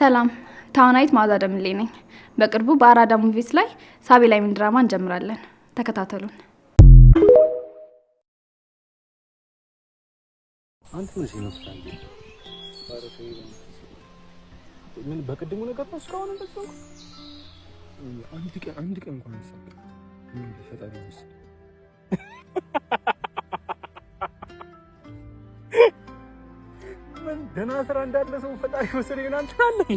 ሰላም ተዋናይት መዓዛ ደምሌ ነኝ። በቅርቡ በአራዳ ሙቪስ ላይ ሳቢ ላይ ምን ድራማ እንጀምራለን። ተከታተሉን። አንተ ምን ምን በቅድሙ ነገር ነው እስካሁን እንደዚህ አንድ ቀን አንድ ቀን እንኳን ፈጣሪ ደህና ስራ እንዳለ ሰው ፈጣሪ ውሰድ ይሆናል ትላለህ።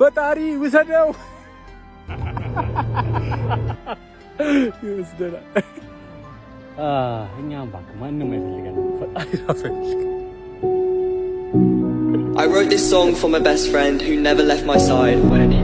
ፈጣሪ ውሰደው ይወስደናል። እኛም ባክ ማንም አይፈልጋል ፈጣሪ ራሱ አይፈልግም። I wrote this song for my best friend who never left my side when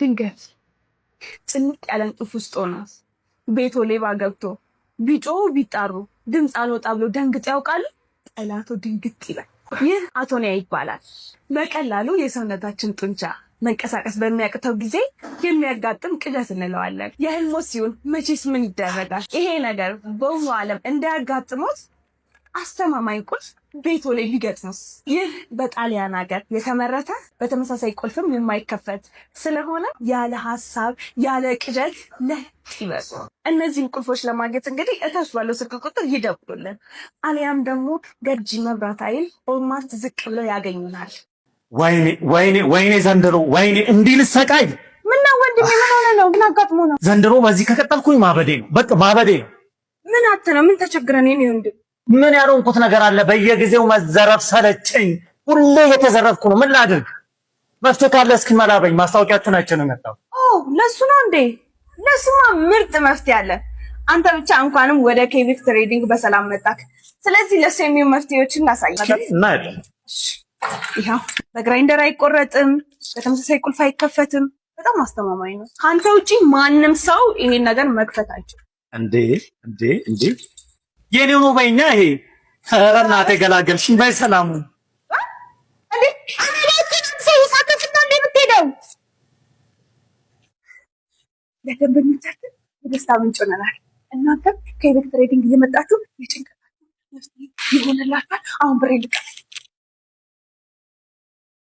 ድንገት ጭንቅ ያለ እንቅልፍ ውስጥ ሆና ቤቶ ሌባ ገብቶ ቢጮሁ ቢጣሩ ድምፅ አልወጣ ብሎ ደንግጥ ያውቃሉ። ጠላቶ ድንግጥ ይላል። ይህ አቶኒያ ይባላል። በቀላሉ የሰውነታችን ጡንቻ መንቀሳቀስ በሚያቅተው ጊዜ የሚያጋጥም ቅዠት እንለዋለን። የህልሞት ሲሆን መቼስ ምን ይደረጋል? ይሄ ነገር በውኑ ዓለም እንዳያጋጥሞት አስተማማኝ ቁልፍ ቤቶ ላይ ሊገጥምስ? ይህ በጣሊያን ሀገር የተመረተ በተመሳሳይ ቁልፍም የማይከፈት ስለሆነ ያለ ሀሳብ ያለ ቅደት ለጥ ይበጡ። እነዚህን ቁልፎች ለማግኘት እንግዲህ እታች ባለው ስልክ ቁጥር ይደውሉልን፣ አሊያም ደግሞ ገርጂ መብራት ኃይል ኦልማርት ዝቅ ብለው ያገኙናል። ወይኔ ወይኔ ወይኔ ዘንድሮ ወይኔ እንዲህ ልሰቃይ ምና ወንድሜ፣ ምን ሆነ ነው? ምን አጋጥሞ ነው? ዘንድሮ በዚህ ከቀጠልኩኝ ማበዴ ነው፣ በቃ ማበዴ ነው። ምን አተ ነው ምን ተቸግረን ይህን ወንድም ምን ያልሆንኩት ነገር አለ? በየጊዜው መዘረፍ ሰለቸኝ። ሁሌ የተዘረፍኩ ነው። ምን ላድርግ? መፍትሄ ካለ እስኪ መላበኝ። ማስታወቂያችሁን አይቼ ነው የመጣው። ለሱ ነው እንዴ? ለሱማ ምርጥ መፍትሄ አለ። አንተ ብቻ እንኳንም ወደ ኬቪክ ትሬዲንግ በሰላም መጣክ። ስለዚህ ለሱ የሚሆን መፍትሄዎችን እናሳይ። እናያለን። ይኸው በግራይንደር አይቆረጥም፣ በተመሳሳይ ቁልፍ አይከፈትም። በጣም አስተማማኝ ነው። ከአንተ ውጪ ማንም ሰው ይሄን ነገር መክፈት አይችልም። እንዴ እንዴ እንዴ የኔው ነው በይኛ ይሄ ኧረ እናቴ ገላገልሽኝ። በሰላሙ ለደንበኞቻችን የደስታ ምንጭ ሆነናል። እናንተም ከኤሌክትሪክ ትሬዲንግ እየመጣችሁ የጭንቀታችሁ ይሆንላችኋል። አሁን ብሬ ልቀ